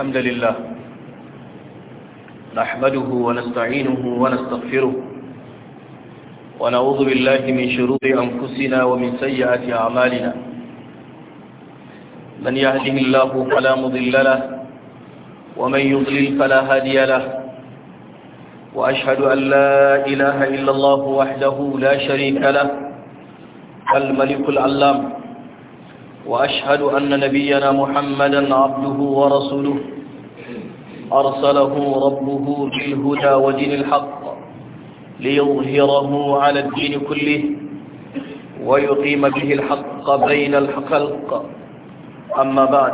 الحمد لله نحمده ونستعينه ونستغفره ونعوذ بالله من شرور أنفسنا ومن سيئات أعمالنا من يهده الله فلا مضل له ومن يضلل فلا هادي له وأشهد أن لا إله إلا الله وحده لا شريك له الملك العلام وأشهد أن نبينا محمدا عبده ورسوله أرسله ربه بالهدى ودين الحق ليظهره على الدين كله ويقيم به الحق بين الخلق أما بعد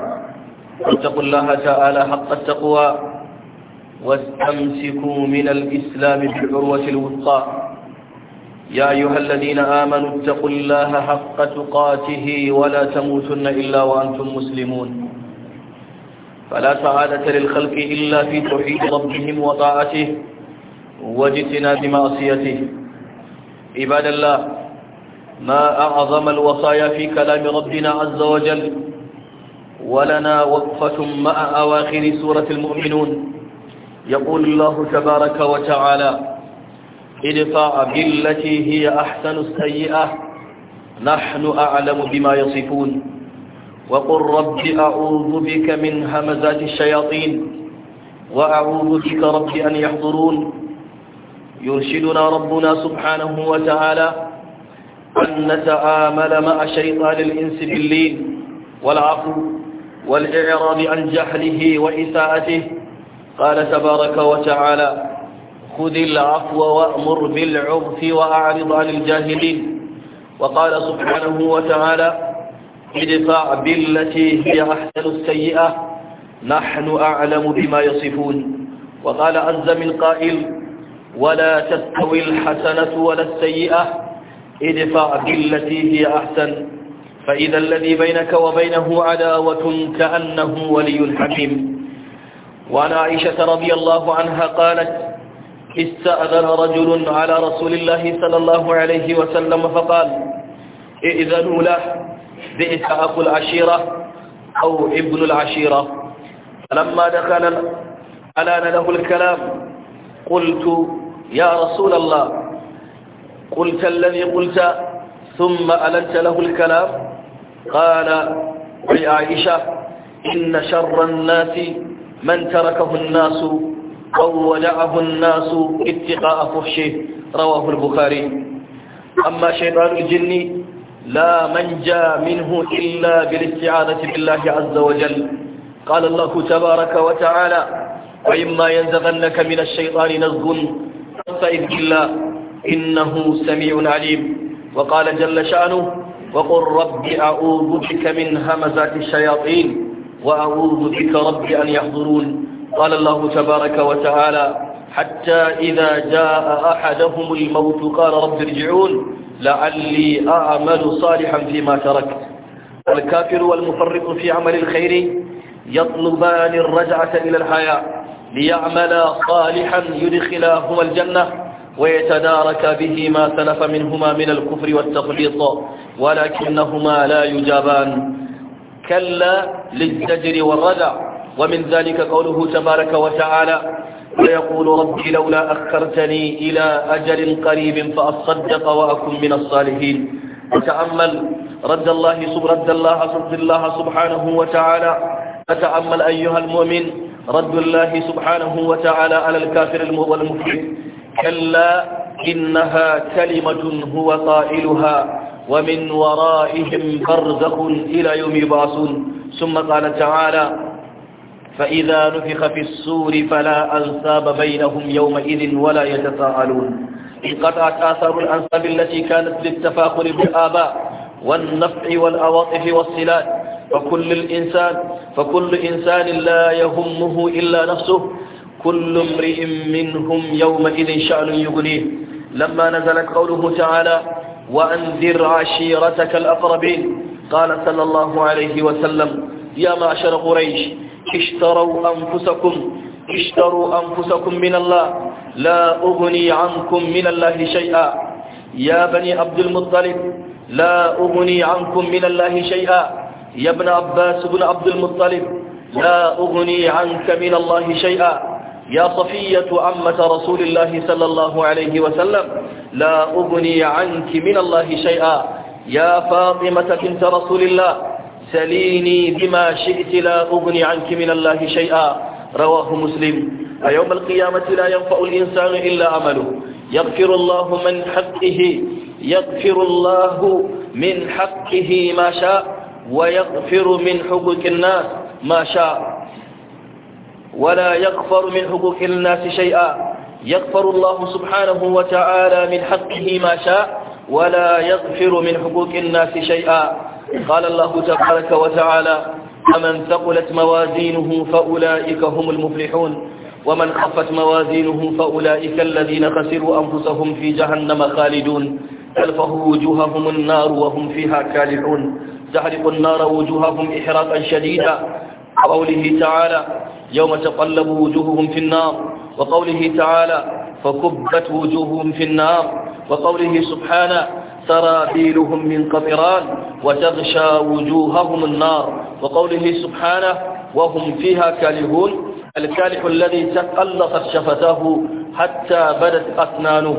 فاتقوا الله تعالى حق التقوى واستمسكوا من الإسلام بالعروة الوثقى يا أيها الذين آمنوا اتقوا الله حق تقاته ولا تموتن إلا وأنتم مسلمون فلا سعادة للخلق إلا في توحيد ربهم وطاعته واجتناب معصيته عباد الله ما أعظم الوصايا في كلام ربنا عز وجل ولنا وقفة مع أواخر سورة المؤمنون يقول الله تبارك وتعالى ادفع بالتي هي أحسن السيئة نحن أعلم بما يصفون وقل رب أعوذ بك من همزات الشياطين وأعوذ بك رب أن يحضرون يرشدنا ربنا سبحانه وتعالى أن نتآمل مع شيطان الإنس باللين والعفو والإعراض عن جهله وإساءته قال تبارك وتعالى خذ العفو وأمر بالعرف وأعرض عن الجاهلين وقال سبحانه وتعالى ادفع بالتي هي أحسن السيئة نحن أعلم بما يصفون وقال عز من قائل ولا تستوي الحسنة ولا السيئة ادفع بالتي هي أحسن فإذا الذي بينك وبينه عداوة كأنه ولي الحكيم وعن عائشة رضي الله عنها قالت استأذن رجل على رسول الله صلى الله عليه وسلم فقال ائذنوا له بئس أخو العشيرة أو ابن العشيرة فلما دخل ألان له الكلام قلت يا رسول الله قلت الذي قلت ثم ألنت له الكلام قال لعائشة إن شر الناس من تركه الناس أو ودعه الناس اتقاء فحشه رواه البخاري أما شيطان الجن لا منجا منه إلا بالاستعاذة بالله عز وجل قال الله تبارك وتعالى وإما ينزغنك من الشيطان نزغ فإذ بالله إنه سميع عليم وقال جل شأنه وقل رب أعوذ بك من همزات الشياطين وأعوذ بك رب أن يحضرون قال الله تبارك وتعالى حتى إذا جاء أحدهم الموت قال رب ارجعون لعلي أعمل صالحا فيما تركت والكافر والمفرط في عمل الخير يطلبان الرجعة إلى الحياة ليعمل صالحا يدخلهما الجنة ويتدارك به ما سلف منهما من الكفر والتخليط ولكنهما لا يجابان كلا للزجر والرجع ومن ذلك قوله تبارك وتعالى ويقول ربي لولا أخرتني إلى أجل قريب فأصدق وأكن من الصالحين وتأمل رد الله رد الله رد الله سبحانه وتعالى فتأمل أيها المؤمن رد الله سبحانه وتعالى على الكافر والمفرد كلا إنها كلمة هو قائلها ومن ورائهم برزخ إلى يوم يبعثون ثم قال تعالى فإذا نفخ في السور فلا أنساب بينهم يومئذ ولا يتساءلون انقطعت آثار الأنساب التي كانت للتفاخر بالآباء والنفع والأواطف والصلات فكل الإنسان فكل إنسان لا يهمه إلا نفسه كل امرئ منهم يومئذ شأن يغنيه لما نزلت قوله تعالى وأنذر عشيرتك الأقربين قال صلى الله عليه وسلم يا معشر قريش اشتروا أنفسكم اشتروا أنفسكم من الله لا أغني عنكم من الله شيئا يا بني عبد المطلب لا أغني عنكم من الله شيئا يا ابن عباس بن عبد المطلب لا أغني عنك من الله شيئا يا صفية عمة رسول الله صلى الله عليه وسلم لا أغني عنك من الله شيئا يا فاطمة بنت رسول الله سليني بما شئت لا أغني عنك من الله شيئا رواه مسلم ويوم القيامة لا ينفع الإنسان إلا عمله يغفر الله من حقه يغفر الله من حقه ما شاء ويغفر من حقوق الناس ما شاء ولا يغفر من حقوق الناس شيئا يغفر الله سبحانه وتعالى من حقه ما شاء ولا يغفر من حقوق الناس شيئا قال الله تبارك وتعالى فمن ثقلت موازينه فأولئك هم المفلحون ومن خفت موازينه فأولئك الذين خسروا أنفسهم في جهنم خالدون تلفه وجوههم النار وهم فيها كالحون تحرق النار وجوههم إحراقا شديدا وقوله تعالى يوم تقلب وجوههم في النار وقوله تعالى فكبت وجوههم في النار وقوله سبحانه سرابيلهم من قطران وتغشى وجوههم النار وقوله سبحانه وهم فيها كالهون الكالح الذي تقلصت شفتاه حتى بدت أسنانه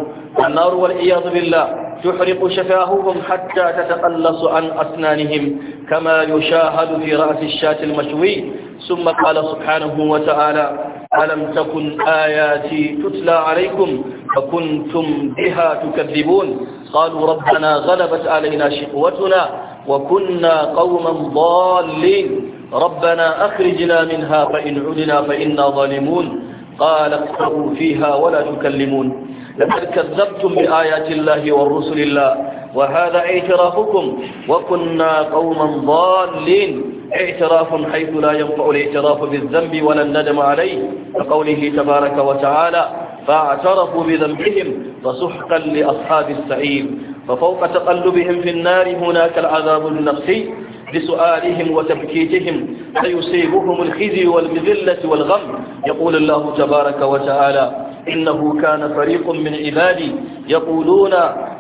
النار والعياذ بالله تحرق شفاههم حتى تتقلص عن أسنانهم كما يشاهد في رأس الشاة المشوي ثم قال سبحانه وتعالى ألم تكن آياتي تتلى عليكم فكنتم بها تكذبون قالوا ربنا غلبت علينا شقوتنا وكنا قوما ضالين ربنا أخرجنا منها فإن عدنا فإنا ظالمون قال اكفروا فيها ولا تكلمون لقد كذبتم بآيات الله والرسل الله وهذا اعترافكم وكنا قوما ضالين اعتراف حيث لا ينفع الاعتراف بالذنب ولا الندم عليه كقوله تبارك وتعالى فاعترفوا بذنبهم فسحقا لأصحاب السعيد ففوق تقلبهم في النار هناك العذاب النفسي بسؤالهم وتبكيتهم فيصيبهم الخزي والمذلة والغم يقول الله تبارك وتعالى إنه كان فريق من عبادي يقولون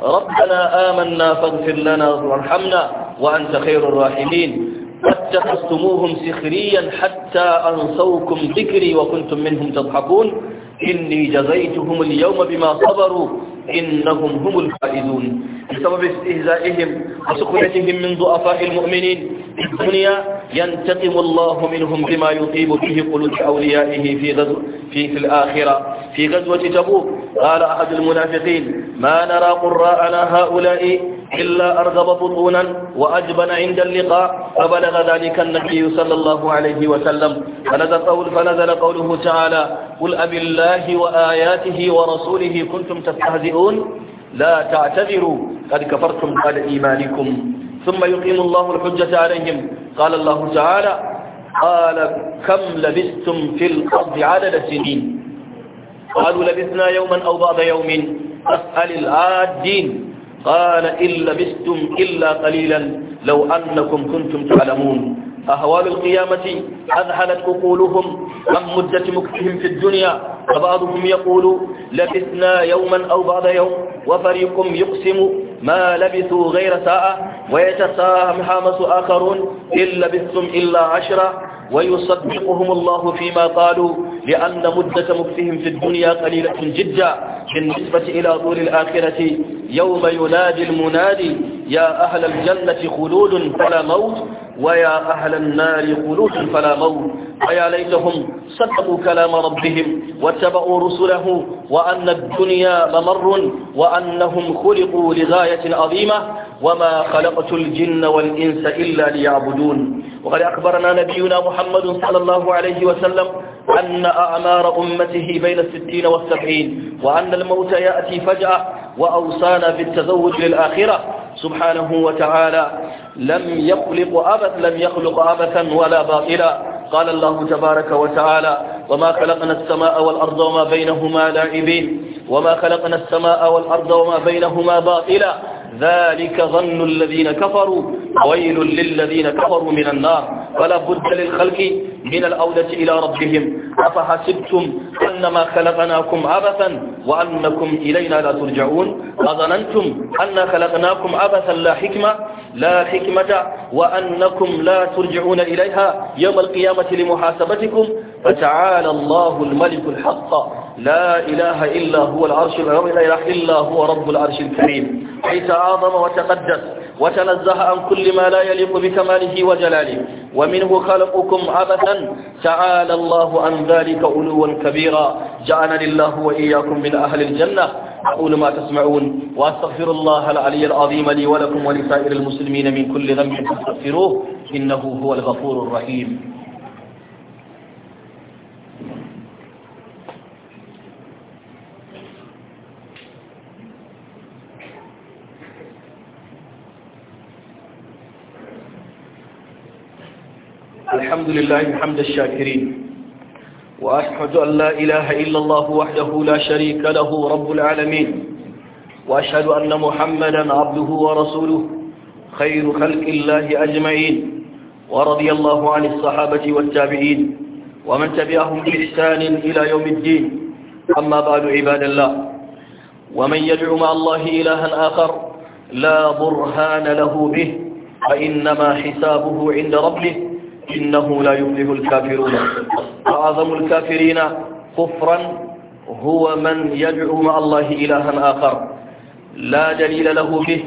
ربنا آمنا فاغفر لنا وارحمنا وأنت خير الراحمين واتخذتموهم سخريا حتى أنصوكم ذكري وكنتم منهم تضحكون إني جزيتهم اليوم بما صبروا إنهم هم الفائزون بسبب استهزائهم وسخريتهم من ضعفاء المؤمنين في الدنيا ينتقم الله منهم بما يطيب به قلوب أوليائه في, غزو في, في الآخرة في غزوة تبوك قال أحد المنافقين ما نرى قراءنا هؤلاء إلا أرغب بطونا وأجبن عند اللقاء فبلغ ذلك النبي صلى الله عليه وسلم فنزل, قول فنزل قوله تعالى قل أب الله وآياته ورسوله كنتم تستهزئون لا تعتذروا قد كفرتم بعد إيمانكم ثم يقيم الله الحجة عليهم قال الله تعالى قال كم لبثتم في الأرض عدد سنين قالوا لبثنا يوما أو بعض يوم أسأل العادين قال إن لبثتم إلا قليلا لو أنكم كنتم تعلمون أهوال القيامة أذهلت عقولهم عن مدة مكتهم في الدنيا فبعضهم يقول لبثنا يوما أو بعض يوم وفريق يقسم ما لبثوا غير ساعة مس آخرون إن لبثتم إلا عشرة ويصدقهم الله فيما قالوا لأن مدة مكتهم في الدنيا قليلة جدا بالنسبة إلى طول الآخرة يوم ينادي المنادي يا أهل الجنة خلود فلا موت ويا أهل النار قلوب فلا موت ويا ليتهم صدقوا كلام ربهم واتبعوا رسله وأن الدنيا ممر وأنهم خلقوا لغاية عظيمة وما خلقت الجن والإنس إلا ليعبدون وقد أخبرنا نبينا محمد صلى الله عليه وسلم أن أعمار أمته بين الستين والسبعين وأن الموت يأتي فجأة وأوصانا بالتزوج للآخرة سبحانه وتعالى لم يخلق أبدا لم يخلق أبدا ولا باطلا قال الله تبارك وتعالى وما خلقنا السماء والأرض وما بينهما لاعبين وما خلقنا السماء والأرض وما بينهما باطلا ذلك ظن الذين كفروا ويل للذين كفروا من النار فلا بد للخلق من الأودة إلى ربهم أفحسبتم أنما خلقناكم عبثا وأنكم إلينا لا ترجعون أظننتم أن خلقناكم عبثا لا حكمة لا حكمة وأنكم لا ترجعون إليها يوم القيامة لمحاسبتكم فتعالى الله الملك الحق لا إله إلا هو العرش لا إله إلا هو رب العرش الكريم حيث أعظم وتقدس وتنزه عن كل ما لا يليق بكماله وجلاله ومنه خلقكم عبثا تعالى الله عن ذلك علوا كبيرا جعلني الله وإياكم من أهل الجنة أقول ما تسمعون وأستغفر الله العلي العظيم لي ولكم ولسائر المسلمين من كل ذنب فاستغفروه إنه هو الغفور الرحيم الحمد لله حمد الشاكرين وأشهد أن لا إله إلا الله وحده لا شريك له رب العالمين وأشهد أن محمدا عبده ورسوله خير خلق الله أجمعين ورضي الله عن الصحابة والتابعين ومن تبعهم بإحسان إلى يوم الدين أما بعد عباد الله ومن يدعو مع الله إلها آخر لا برهان له به فإنما حسابه عند ربه إنه لا يفلح الكافرون أعظم الكافرين كفرا هو من يدعو مع الله إلها آخر لا دليل له به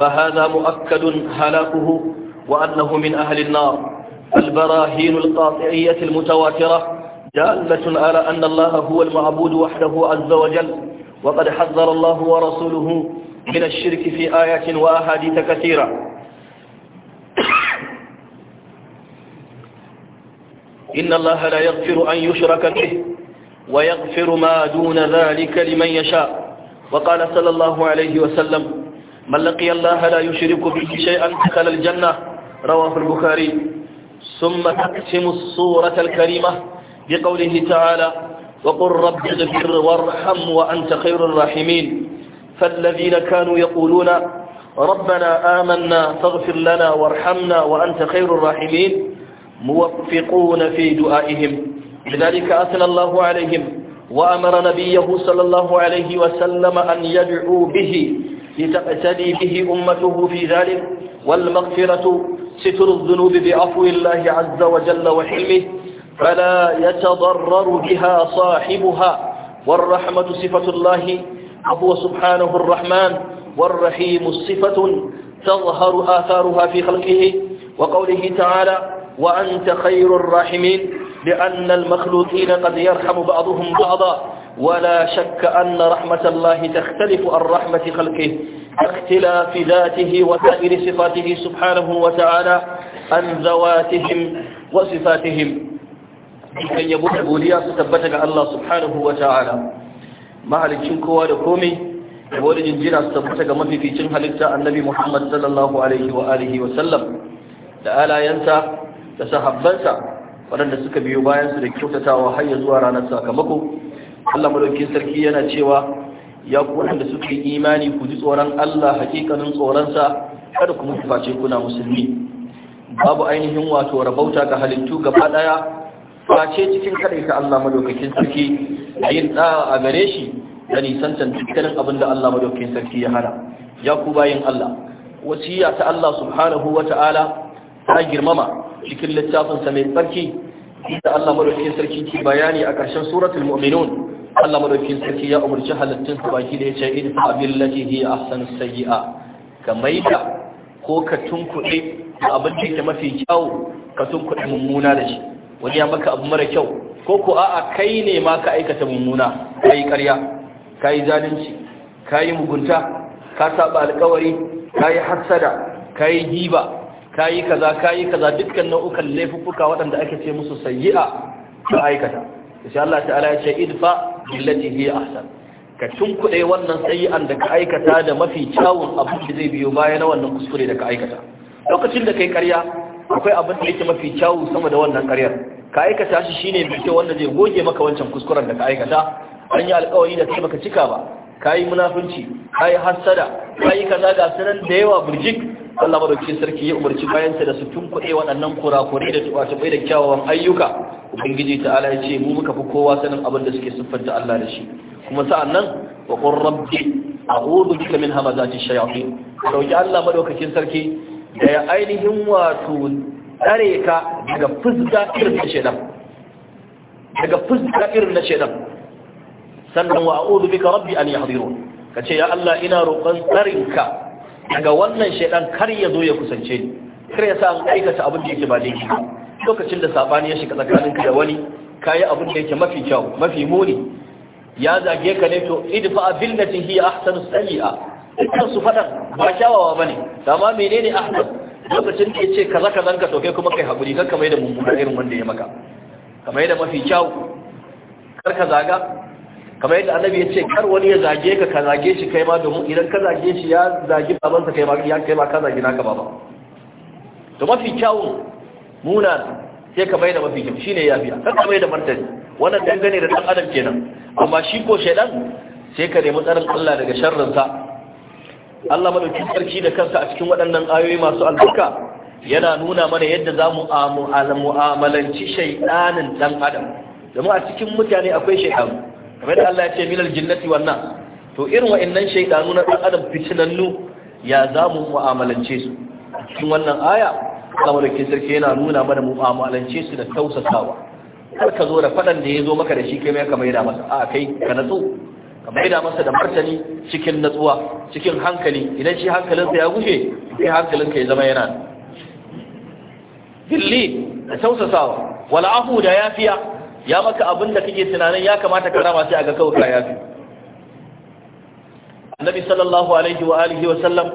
فهذا مؤكد هلاكه وأنه من أهل النار البراهين القاطعية المتواترة دالة على أن الله هو المعبود وحده عز وجل وقد حذر الله ورسوله من الشرك في آيات وأحاديث كثيرة إن الله لا يغفر أن يشرك به ويغفر ما دون ذلك لمن يشاء وقال صلى الله عليه وسلم من لقي الله لا يشرك به شيئا دخل الجنة رواه البخاري ثم تقسم الصورة الكريمة بقوله تعالى وقل رب اغفر وارحم وأنت خير الراحمين فالذين كانوا يقولون ربنا آمنا فاغفر لنا وارحمنا وأنت خير الراحمين موفقون في دعائهم لذلك أثنى الله عليهم وأمر نبيه صلى الله عليه وسلم أن يدعو به لتقتدي به أمته في ذلك والمغفرة ستر الذنوب بعفو الله عز وجل وحلمه فلا يتضرر بها صاحبها والرحمة صفة الله عفو سبحانه الرحمن والرحيم صفة تظهر آثارها في خلقه وقوله تعالى وأنت خير الراحمين لأن المخلوقين قد يرحم بعضهم بعضا ولا شك أن رحمة الله تختلف عن رحمة خلقه اختلاف ذاته وسائر صفاته سبحانه وتعالى عن ذواتهم وصفاتهم kan yabo da godiya su tabbata ga Allah subhanahu wa ta'ala mahalicin kowa da komai da wani jinjina su tabbata ga mafificin halitta annabi Muhammad sallallahu da da sahabbansa waɗanda suka biyo bayansu da kyautatawa har ya zuwa ranar sakamako Allah madaukin sarki yana cewa ya ku waɗanda suka yi imani ku ji tsoron Allah hakikanin tsoronsa kada ku mutu face kuna musulmi babu ainihin wato rabauta ga halittu gaba ɗaya face cikin kaɗaita Allah madaukakin sarki a yin ɗa a gare shi da nisantan dukkanin abin da Allah madaukakin sarki ya hana ya ku bayin Allah wasiya ta Allah subhanahu wa ta'ala ta girmama cikin littafin sa mai tsarki da Allah madaukakin sarki ke bayani a ƙarshen suratul mu'minun Allah madaukakin sarki ya umarci halittun su baki da yace in fa billati hi ahsanu sayyi'a ka maida ko ka tunkuɗe abin da yake mafi kyau ka tunkuɗe mummuna da shi wani ya maka abu mara kyau ko ko a'a kai ne ma ka aikata mummuna kai ƙarya kai zalunci kai mugunta ka saba alƙawari kai hasada kai giba kayi kaza kayi kaza dukkan nau'ukan laifuka waɗanda ake ce musu sayyi'a ka aikata insha Allah ta'ala ya ce idfa billati hi ahsan ka tunkuɗe wannan sayyi'an da ka aikata da mafi kyawun abin da zai biyo baya na wannan kuskure da ka aikata lokacin da kai ƙarya akwai abin da yake mafi kyawu sama da wannan ƙaryar ka aikata shi shine mai kyau wanda zai goge maka wancan kuskuren da ka aikata an yi alƙawari da kai baka cika ba kayi munafunci kayi hassada kayi kaza ga sanan da yawa burjik Allah madaukakin sarki ya umarci bayansa da su tunkuɗe waɗannan kurakurai da tuba-tubai da kyawawan ayyuka ubangiji ta'ala ya ce mu muka fi kowa sanin abin da suke siffanta Allah da shi kuma sa'annan wa qur rabbi a'udhu bika min hamazati shayatin roki Allah madaukakin sarki da ya ainihin wato tsare ka daga fuska irin na shaidan. daga fuska irin na shedan sannan wa a'udhu bika rabbi an yahdurun kace ya Allah ina roƙon tsarinka daga wannan shaidan kar ya zo ya kusance ni kar ya sa an aikata abin da yake ba daidai ba lokacin da sabani ya shiga tsakaninka da wani kayi abin da yake mafi kyau mafi muni ya zage ka ne to idfa billati hi ahsanu sayi'a ka su fada ba kyawawa bane amma menene ahsan lokacin da yace kaza kaza ka to kai kuma kai hakuri kanka mai da mummuna irin wanda ya maka kamar da mafi kyau kar ka zaga kamar yadda annabi ya ce kar wani ya zage ka ka zage shi kai ma domin idan ka zage shi ya zagi babansa kai ma ya kai ma ka zage naka baba to mafi kyawun muna sai ka bai da mafi kyau shine yafiya kar ka bai da martani wannan dangane da dan adam kenan amma shi ko shaydan sai ka nemi tsarin Allah daga sharrin sa Allah madauki sarki da kansa a cikin waɗannan ayoyi masu albarka yana nuna mana yadda za mu mu'amalanci shaydanin dan adam domin a cikin mutane akwai shaydanu kamar da Allah ya ce minal jinnati wannan to irin wa'annan shaidanu na dan adam fitinannu ya za mu mu'amalance su cikin wannan aya Allah da ke sarki yana nuna mana mu'amalance su da tausasawa kar ka zo da faɗan da ya zo maka da shi kai mai ka maida masa a kai ka natsu ka maida masa da martani cikin natsuwa cikin hankali idan shi hankalinsa ya gushe kai hankalinka ya zama yana dilli da tausasawa wal'afu da yafiya ya maka abin da kake tunanin ya kamata ka rama sai aga kawai ka fi annabi sallallahu alaihi wa alihi wa sallam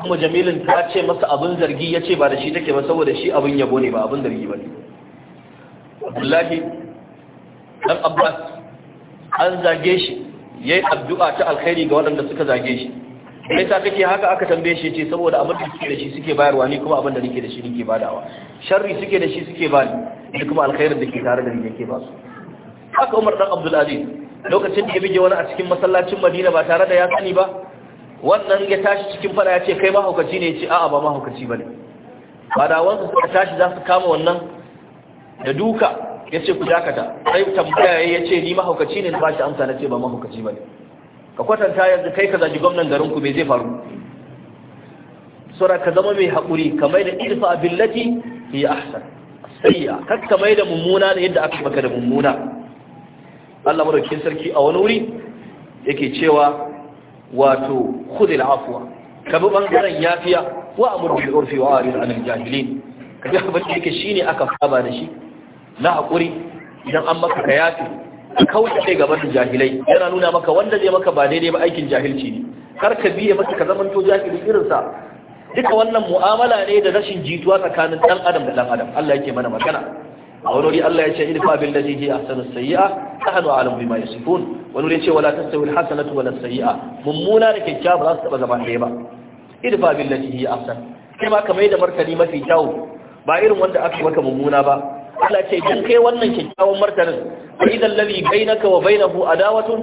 amma jamilin ta ce masa abin zargi ya ce ba da shi take ba saboda shi abin yabo ne ba abin zargi ba ne abdullahi dan abbas an zage shi yayi addu'a ta alkhairi ga waɗanda suka zage shi sai ta take haka aka tambaye shi ce saboda abin da suke da shi suke bayarwa ni kuma abin da nake da shi nake badawa sharri suke da shi suke ba ni da kuma alkhairin da ke tare da ni yake ba su haka Umar dan Abdul Aziz lokacin da ya bige wani a cikin masallacin Madina ba tare da ya sani ba wannan ya tashi cikin fada ya ce kai mahaukaci ne ya ce a'a ba mahaukaci bane fadawansa suka tashi za su kama wannan da duka ya ce ku dakata sai tambaya ya ce ni mahaukaci ne na ba shi amsa na ce ba mahaukaci bane ka kwatanta yanzu kai ka zaji gwamnan garin ku me zai faru sura ka zama mai haƙuri kamar da irfa billati hiya sayya kakka mai da mummuna da yadda aka maka da mummuna Allah madaukakin sarki a wuri yake cewa wato khudil afwa ka bi bangaren yafiya wa amru bil urfi wa arid anil jahilin ka ga abin da shine aka saba da shi na hakuri idan an maka ka yafi kauce kai gaban jahilai yana nuna maka wanda zai maka ba daidai ba aikin jahilci ne kar ka biya masa ka zamanto jahilin irinsa duka wannan mu'amala ne da rashin jituwa tsakanin dan adam da dan adam Allah yake mana magana a wani wuri Allah ya ce ilfa bil ladhi hi ahsanu sayyi'a nahnu a'lamu bima yasifun wani wuri ya ce wala tastawi al hasanatu wala sayyi'a mummuna da kyakkyawa ba za su taba zama ɗaya ba ilfa bil ladhi hi ahsan kai ma kamar da martani mafi kyau. ba irin wanda aka maka mummuna ba Allah ya ce dan kai wannan kyakkyawan martanin fa idan ladhi bainaka wa bainahu adawatun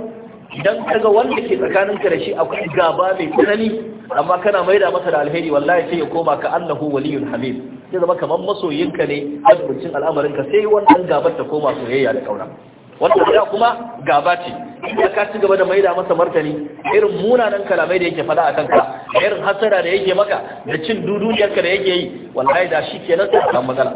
dan kaga wanda ke tsakaninka da shi akwai gaba mai tsanani amma kana maida masa da alheri wallahi sai ya koma ka annahu waliyun hamid sai zama kamar masoyinka ne azumin al'amarin ka sai wannan gabar ta koma soyayya da kauna wannan da kuma gaba ce idan ka ci gaba da maida masa martani irin munanan kalamai da yake fada akan ka irin hasara da yake maka da cin duduniyarka da yake yi wallahi da shi kenan sai ka magana.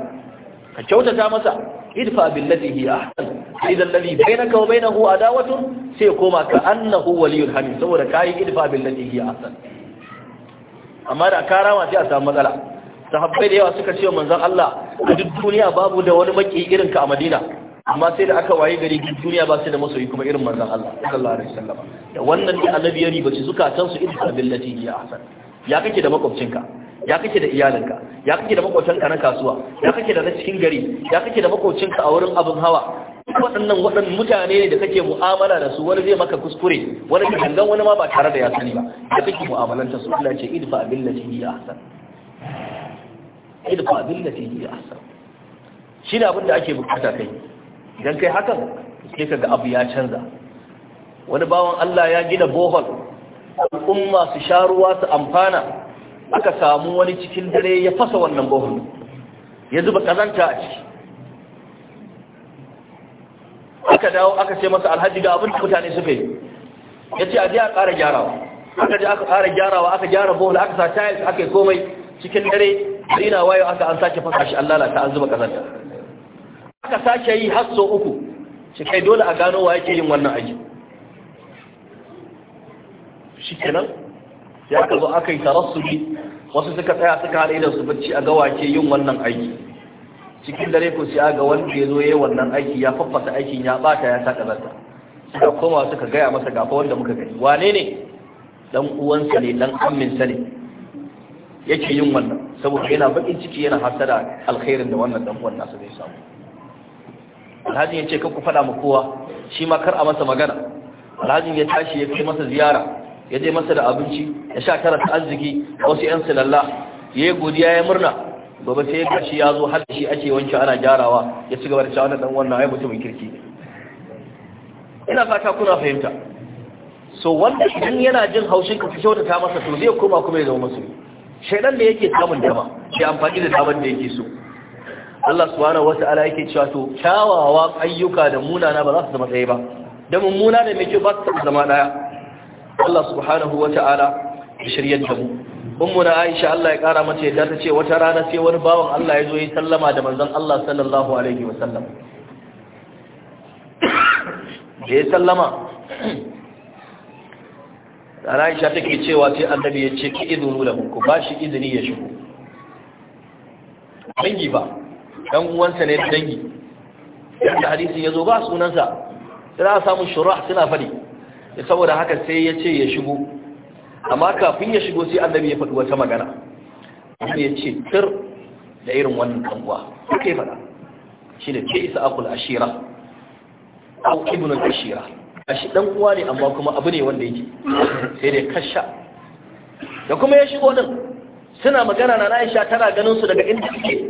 ka kyautata masa idfa billati hi ahsan idan ladhi bainaka wa bainahu adawatun sai koma ka annahu waliyul hamid saboda kai idfa billati hi ahsan amma da kara ma sai a samu matsala sahabbai da yawa suka ce manzon Allah a duk duniya babu da wani maki irin ka a Madina amma sai da aka waye gari duk duniya ba sai da masoyi kuma irin manzon Allah sallallahu alaihi wasallam da wannan da annabi ya shi suka zukatan su idan billati ya hasan ya kake da makwabcinka ya kake da iyalinka ya kake da makwabcinka na kasuwa ya kake da na cikin gari ya kake da makwabcinka a wurin abin hawa duk waɗannan waɗannan mutane ne da kake mu'amala da su wani zai maka kuskure wani ka hangan wani ma ba tare da ya sani ba da kake mu'amalanta su Allah ce idfa billati hi ahsan idfa billati hi ahsan shi ne abin da ake bukata kai idan kai hakan sai kaga abu ya canza wani bawan Allah ya gina bohol al'umma su sha ruwa su amfana aka samu wani cikin dare ya fasa wannan bohol ya zuba kazanta a ciki aka dawo aka ce masa alhaji ga abin da mutane suka yi ya ce a a ƙara gyarawa aka ji aka ƙara gyarawa aka gyara bola aka sa tiles aka yi komai cikin dare ina wayo aka an sake fasa shi an ta an zuba ƙasar aka sake yi har so uku shi kai dole a gano wa yake yin wannan aiki shi kenan ya aka zo aka yi tarassubi wasu suka tsaya suka hada idan su bacci a gawa ke yin wannan aiki cikin dare ko sai aga wanda ya zo yayin wannan aiki ya faffasa aikin ya bata ya saka barka suka koma suka gaya masa gafa wanda muka gani wane ne dan uwansa ne dan sa ne yake yin wannan saboda yana bakin ciki yana hasada alkhairin da wannan dan uwan nasa zai samu alhaji ya ce fada faɗa ma kowa shi ma kar a masa magana alhaji ya tashi ya kai masa ziyara ya je masa da abinci ya sha tara arziki wasu yan silalla ya yi godiya ya murna gobe sai ga shi ya zo har shi ake wanke ana gyarawa ya ci gaba da cewa dan wannan ai mutumin kirki ina fata kuna fahimta so wanda idan yana jin haushin ka fito ta masa to zai koma kuma ya zama musulmi shaidan da yake samun dama shi amfani da daman da yake so Allah subhanahu wata'ala yake cewa to kyawawan ayyuka da munana ba za su zama tsaye ba da mummuna da mai kyau ba su zama ɗaya Allah subhanahu wata'ala ya shiryar da mu ummu na aisha Allah ya kara mace da ta ce wata rana sai wani bawan Allah ya zo ya sallama da manzon Allah sallallahu alaihi wasallam da ya sallama Aisha take cewa sai annabi ya ce ki idunu lahu ku ba shi izini ya shigo dangi ba dan uwansa ne dangi da ya zo ba sunansa sai a samu shurah suna fadi saboda haka sai ya ce ya shigo amma kafin ya shigo sai annabi ya faɗi wata magana annabi ya ce tir da irin wannan kanwa suka yi faɗa shi ne ke isa akul ashira au ibnul ashira ashi dan uwa ne amma kuma abu ne wanda yake sai dai kasha da kuma ya shigo din suna magana na Aisha tana ganin su daga inda suke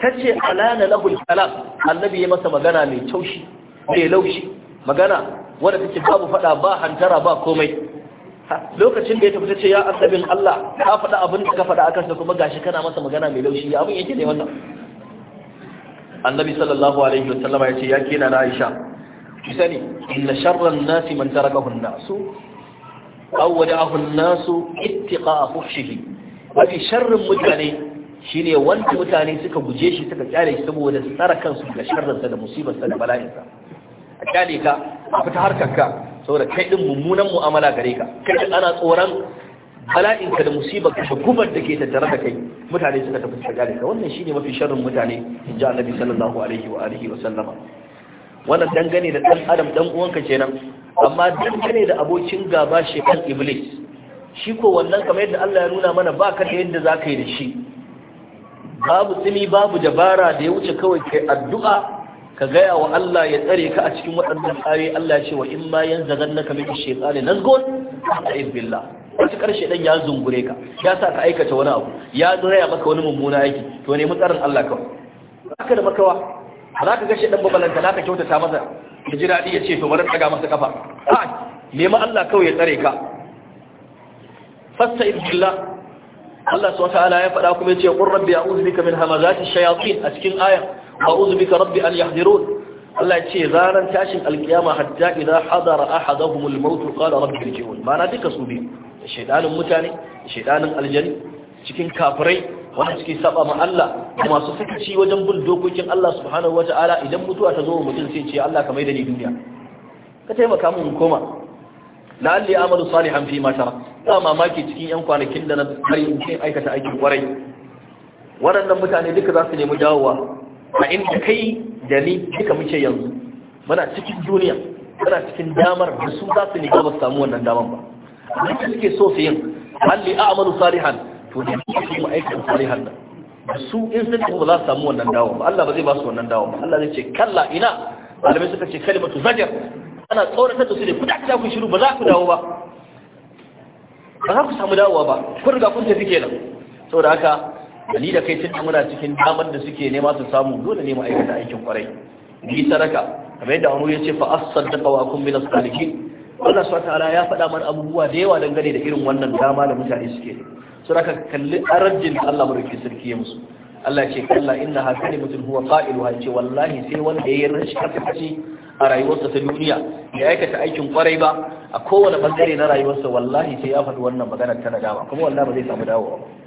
tace alana lahul kalam annabi ya masa magana mai taushi mai laushi magana wanda take babu fada ba hantara ba komai lokacin da ya tafi ta ce ya annabin Allah ka faɗa abin da ka faɗa akan sa kuma gashi kana masa magana mai laushi ya abin yake ne wannan annabi sallallahu alaihi wa sallama ya ce ya kina na Aisha ki sani inna sharran nasi man tarakahu an-nasu aw wada'ahu an-nasu ittiqa'a fuhshihi wa fi sharrin mutane shine wanda mutane suka guje shi suka kyale shi saboda tsara kansu ga sharrin sa da musibar sa da bala'in sa a kyale ka a fita harkar ka saboda kai din mummunan mu'amala gare ka kai ana tsoron bala'inka da musibar ka gubar da ke tattare da kai mutane suka tafi suka gane ka wannan shine mafi sharrin mutane in ji annabi sallallahu alaihi wa alihi wa sallama wannan dangane da dan adam dan uwanka kenan amma dangane da abokin gaba shekan iblis shi ko wannan kamar yadda Allah ya nuna mana baka da yadda zaka yi da shi babu tsimi babu dabara da ya wuce kawai kai addu'a ka gaya wa Allah ya tsare ka a cikin waɗannan ayoyi Allah ya ce wa in ma yanzaghannaka min ash-shaytani nazghun fa'id billah wata karshe dan ya zungure ka ya sa ka aikata wani abu ya zuraya maka wani mummuna aiki to ne mutsarin Allah kawai haka da makawa za ka ga shedan babalanta za ka kyautata masa ya ji daɗi ya ce to bari tsaga masa kafa a nema Allah kawai ya tsare ka fasta billah Allah subhanahu wa ta'ala ya faɗa kuma ya ce qur rabbi a'udhu bika min hamazati shayatin a cikin ayan a'udhu bika rabbi an yahdurun Allah ya ce ranar tashin alkiyama hatta idza hadara ahaduhumul maut qala rabbi irji'un mana duka su bi shedanin mutane shedanin aljani cikin kafirai wanda suke saba ma Allah da masu sakaci wajen bin dokokin Allah subhanahu wata'ala idan mutuwa ta zo wa mutum sai ce Allah ka maida ni duniya ka taimaka mun koma la'alli amalu salihan fi ma tara ba mamaki cikin yan kwanakin da na bari in aikata aikin kwarai waɗannan mutane duka za su nemi dawowa a inda kai da ni duka muke yanzu muna cikin duniya muna cikin damar da su za su ne gaba samu wannan damar ba amma da suke so su yin halli a'malu salihan to da ni su ma'aikatan salihan da su in sun tafi ba za su samu wannan damar ba Allah ba zai ba su wannan damar ba Allah zai ce kalla ina malamai suka ce kalimatu zajar ana tsoratar da su ne kuɗa kun shiru ba za ku dawo ba ba za ku samu dawowa ba kun riga kun tafi kenan saboda haka ni da kai tun muna cikin damar da suke nema su samu dole ne mu aikata aikin kwarai bi sadaka kamar yadda Umar ya ce fa as-sadaqa wa akum min Allah subhanahu ta'ala ya faɗa mana abubuwa da yawa dangane da irin wannan dama da mutane suke so kalli arajin da Allah barki sarki ya musu Allah ce kalla inna ha kalimatun huwa qailuha ce wallahi sai wanda ya rashi kafaci a rayuwarsa ta duniya ya aikata aikin kwarai ba a kowane bangare na rayuwarsa wallahi sai ya faɗi wannan magana ta dama. kuma wallahi ba zai samu dawowa ba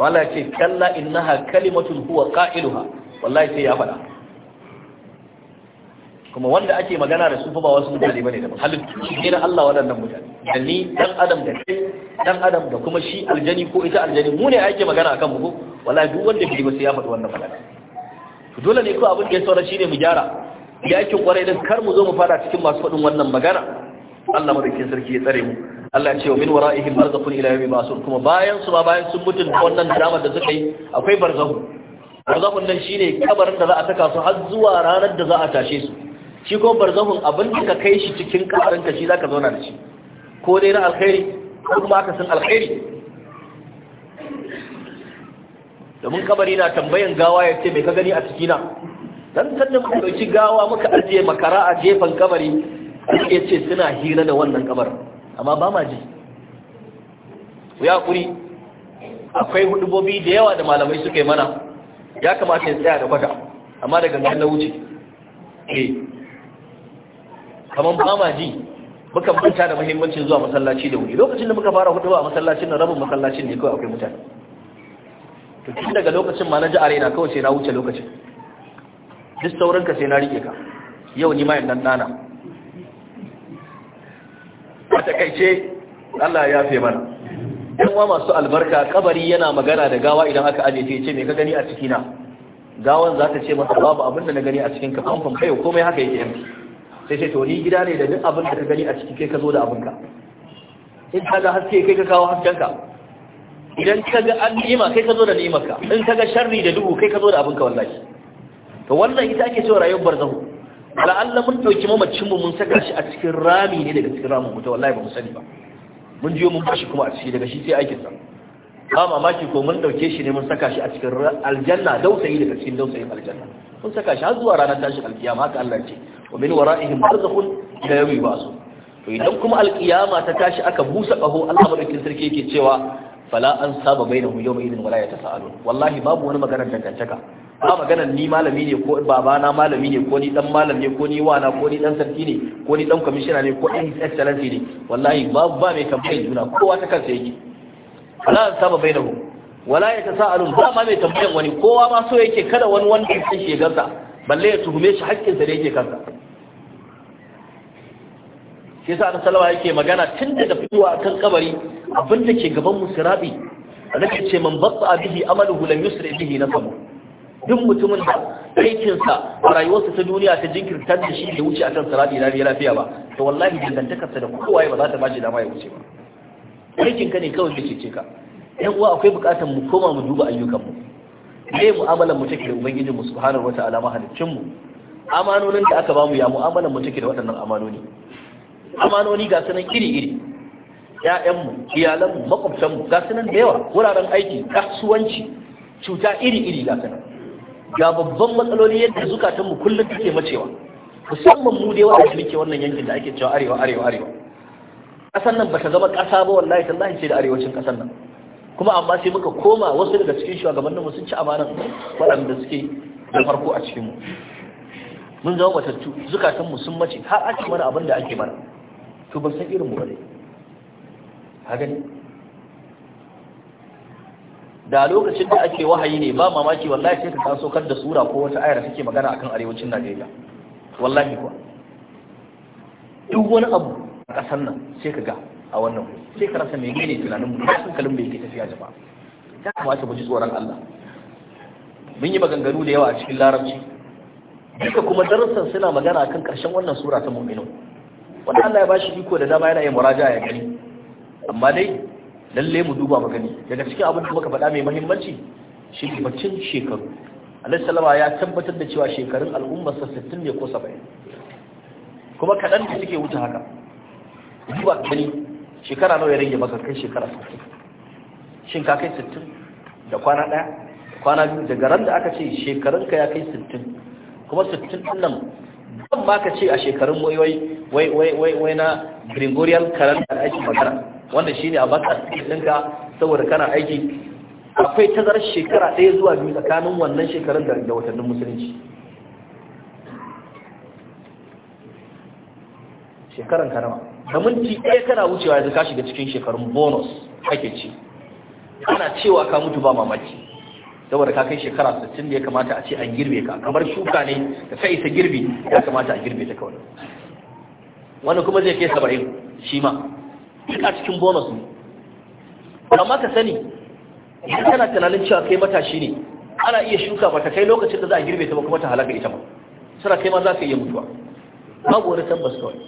wala ce kalla innaha kalimatun huwa qailuha wallahi sai ya faɗa kuma wanda ake magana da su fa ba wasu mutane bane da halittu ne da Allah waɗannan mutane da ni dan adam da kai dan adam da kuma shi aljani ko ita aljani mu ne ake magana akan mu ko wallahi duk wanda bai ba sai ya faɗi wannan magana to dole ne ko abin da ya saura shine mu gyara ya ake kwarai dan kar mu zo mu fada cikin masu faɗin wannan magana Allah madaukakin sarki ya tsare mu Allah ce wa min wara'ihim barzakhun ila yawmi ba'sur kuma bayan su ba bayan sun mutu wannan drama da suka yi akwai barzahu barzahun nan shine kabarin da za a taka su har zuwa ranar da za a tashe su shi ko barzahun abin da ka kai shi cikin kabarin ka shi zaka zauna da shi ko dai na alkhairi ko kuma aka san alkhairi domin kabari na tambayan gawa ya ce mai ka gani a cikina dan sannan mu dauki gawa muka ajiye makara a jefan kabari ake ce suna hira da wannan kabarin amma ba ma ji ya kuri akwai hudubobi da yawa da malamai suka yi mana ya kamata ya tsaya da kwata amma daga gangan na wuce ke eh. kamar ba ma ji muka manta da mahimmancin zuwa masallaci da wuri lokacin da muka fara hudu a masallacin na rabin masallacin ne kawai akwai mutane to tun daga lokacin ma na ji arena kawai sai na wuce lokacin duk saurinka sai na rike ka yau ni ma in dan dana a takaice Allah ya fi mana yan wa masu albarka kabari yana magana da gawa idan aka aje ta ce me ka gani a cikina gawan za ta ce masa babu abin da na gani a cikin ka famfam kai komai haka yake yanki sai ce to ni gida ne da duk abin da ka gani a ciki kai ka zo da abin ka in ka ga haske kai ka kawo hasken ka idan ka ga an ni'ima kai ka zo da ni'imar ka in ka ga sharri da duhu kai ka zo da abin ka wallahi to wannan ita ake cewa rayuwar barzahu allah mun ɗauki mamacinmu mun saka shi a cikin rami ne daga cikin ramin mutu wallahi ba mu sani ba mun jiyo mun bashi kuma a ciki daga shi sai aikin aikinsa ba mamaki ko mun ɗauke shi ne mun saka shi a cikin aljanna dausayi daga cikin dausayin aljanna mun saka shi har zuwa ranar tashin alkiyama haka Allah ce wa min wara'ihim barzakhun la yawi basu to idan kuma alkiyama ta tashi aka busa kaho Allah madaukin sarki yake cewa fala an saba bainahum yawma idin wala yatasaalun wallahi babu wani magana dangantaka ba magana ni malami ne ko babana malami ne ko ni dan malam ne ko ni wana ko ni dan sarki ne ko ni dan commissioner ne ko dan excellency ne wallahi babu ba mai tambayar juna kowa ta kansa yake wala saba bainahu wala yatasaalu ba ma mai tambayar wani kowa ma so yake kada wani wanda ya san shegarsa balle ya tuhume shi haƙƙin sa da yake kansa shi yasa annabi sallallahu yake magana tun daga fitowa kan kabari abinda ke gaban musirabi annabi ce man batta bihi amaluhu lam yusri bihi nasabu duk mutumin da aikinsa a rayuwarsa ta duniya ta jinkirta da shi da wuce akan salati na biya lafiya ba to wallahi dangantakarsa da kowa ba za ta bashi dama ya wuce ba aikin ka ne kawai da cece ka yan uwa akwai bukatar mu koma mu duba ayyukan mu me mu'amalar mu take da ubangiji mu subhanahu wata'ala mahaliccin mu amanonin da aka bamu ya mu'amalar mu take da waɗannan amanoni amanoni ga sanan iri iri ƴaƴanmu iyalanmu maƙwabtanmu, ga sanan da yawa wuraren aiki kasuwanci cuta iri iri ga sanan ga babban matsaloli yadda zukatanmu kullum take macewa musamman mu dai wanda muke wannan yankin da ake cewa arewa arewa arewa ƙasar nan bata zama kasa ba wallahi tallahi ce da arewacin ƙasar nan kuma amma sai muka koma wasu daga cikin shugabannin mu sun ci amanan waɗanda suke da farko a cikin mu mun zama matattu zukatan mu sun mace har ake mana abin da ake mana to ban san irin mu ba dai ha gani da lokacin da ake wahayi ne ba mamaki wallahi sai ka taso kar da sura ko wata ayar take magana akan arewacin Najeriya wallahi kuwa duk wani abu a kasar nan sai ka ga a wannan sai ka rasa mai gane tunanin mu hankalin bai ke tafiya jama'a ya kamata mu ji tsoron Allah mun yi maganganu da yawa a cikin larabci duka kuma darussan suna magana kan karshen wannan sura ta mu'minu wanda Allah ya bashi iko da dama yana yin muraja ya gani amma dai lalle mu duba magani daga cikin abin da muka faɗa mai muhimmanci shi ne bacin shekaru alaihi salama ya tabbatar da cewa shekarun al'ummar sa 60 ne ko 70 kuma kaɗan da suke wuce haka duba gani shekara nawa ya rage maka kai shekara 60 shin ka kai 60 da kwana ɗaya kwana biyu daga ran da aka ce shekarunka ya kai 60 kuma 60 ɗin nan ban ma ka ce a shekarun wai wai wai wai na gregorian calendar aikin magana wanda ne a baka ɗinka saboda kana aiki akwai tazarar shekara ɗaya zuwa biyu tsakanin wannan shekarun da watannin musulunci shekaran karama da minti ɗaya kana wucewa yanzu ka shiga cikin shekarun bonus ake ce ana cewa ka mutu ba mamaki saboda ka kai shekara 60 da ya kamata a ce an girbe ka kamar shuka ne da sai ta girbi ya kamata a girbe ta kawai wani kuma zai kai 70 shi ma duk a cikin bonus ne amma ka sani idan kana tunanin cewa kai matashi ne ana iya shuka ba ta kai lokacin da za a girbe ta ba kuma ta halaka ita ba sura kai ma za ka iya mutuwa babu wani tabbas kawai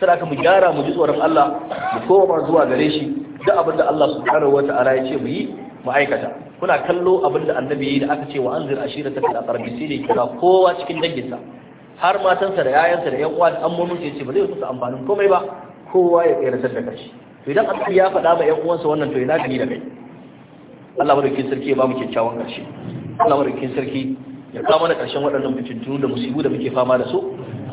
sura ka mu gyara mu ji tsoron Allah mu koma zuwa gare shi duk abin da Allah subhanahu ta'ala ya ce mu yi mu aikata kuna kallo abin da annabi yi da aka ce wa anzir ta fil aqrabisi ne kira kowa cikin danginsa har matansa da yayansa da yan uwa da ammomin ce ba zai musu amfanin komai ba kowa ya tsayar da kashi to idan Allah ya faɗa ba ƴan uwansa wannan to ina gani da kai Allah madaukakin sarki ya ba mu kyakkyawan ƙarshe Allah madaukakin sarki ya kawo mana karshen waɗannan fitintunu da musibu da muke fama da su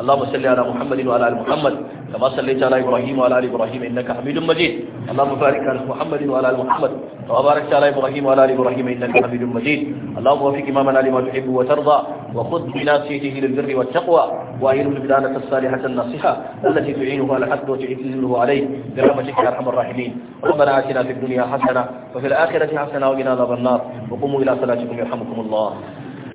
اللهم صل على محمد وعلى ال محمد كما صليت على ابراهيم وعلى ال ابراهيم انك حميد مجيد اللهم بارك على محمد وعلى ال محمد كما باركت على ابراهيم وعلى ال ابراهيم انك حميد مجيد اللهم وفق امامنا لما تحب وترضى وخذ بناصيته للبر والتقوى واهله البلانة الصالحة النصيحة التي تعينه على الحق وتعينه عليه برحمتك يا ارحم الراحمين ربنا اتنا في الدنيا حسنة وفي الاخرة حسنة وقنا عذاب النار وقوموا الى صلاتكم يرحمكم الله